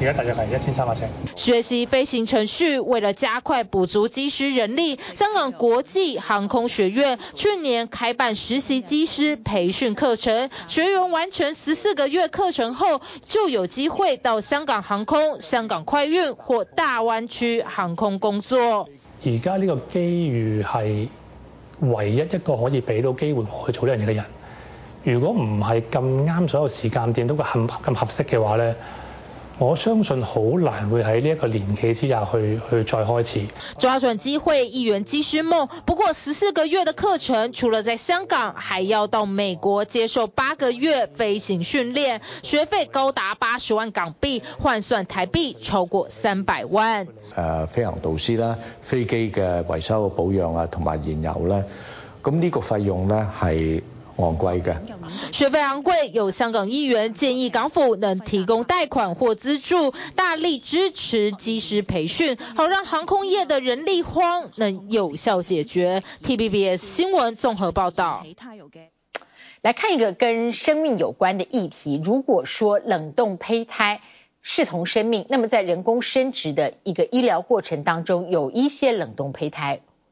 而家大約係一千三百尺。學習飛行程序，為了加快補足機師人力，香港國際航空學院去年開辦實習機師培訓課程，學員完成十四個月課程後，就有機會到香港航空、香港快運或大灣區航空工作。而家呢個機遇係唯一一個可以俾到機會我去做呢樣嘢嘅人。如果唔係咁啱所有時間點都咁咁合適嘅話咧。我相信好難會喺呢一個年紀之下去去再開始。抓住機會，一圓機師夢。不過十四個月的課程，除了在香港，還要到美國接受八個月飛行訓練，學費高達八十萬港幣，換算台幣超過三百萬。誒、呃，飛行導師啦，飛機嘅維修嘅保養啊，同埋燃油呢。咁、這、呢個費用呢，係。乖一個學費昂貴，嘅學費昂貴，有香港議員建議港府能提供貸款或資助，大力支持機師培訓，好讓航空業的人力荒能有效解決。TVBS 新聞綜合報導。來看一個跟生命有關的議題，如果說冷凍胚胎視同生命，那麼在人工生殖的一個醫療過程當中，有一些冷凍胚胎。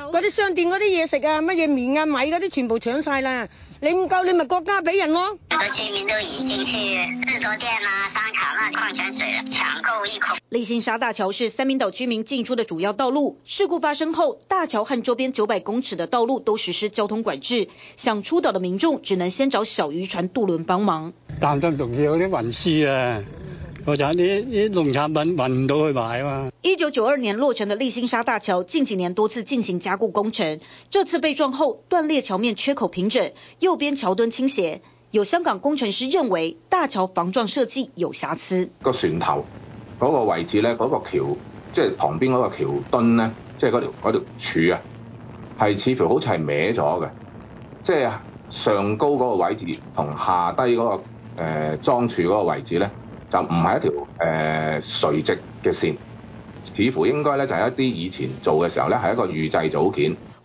嗰啲商店嗰啲嘢食啊，乜嘢麵啊、米嗰啲，全部搶晒啦！你唔夠你咪國家俾人咯，啊！很多居民都已經去士多店啦，商礦泉水搶購一空。立新沙大橋是三明島居民進出的主要道路。事故發生後，大橋和周邊九百公尺的道路都實施交通管制，想出島的民眾只能先找小漁船渡輪幫忙。擔心啲啊，啲農產品運唔到去買啊。一九九二年落成的立新沙大橋，近幾年多次進行加固工程。這次被撞後，斷裂橋面缺口平整，又。右邊橋墩傾斜，有香港工程師認為大橋防撞設計有瑕疵。個船頭嗰個位置咧，嗰、那個橋即係、就是、旁邊嗰個橋墩咧，即係嗰條條柱啊，係似乎好似係歪咗嘅，即、就、係、是、上高嗰個位置同下低嗰、那個誒樁、呃、柱嗰個位置咧，就唔係一條誒、呃、垂直嘅線，似乎應該咧就係一啲以前做嘅時候咧係一個預製組件。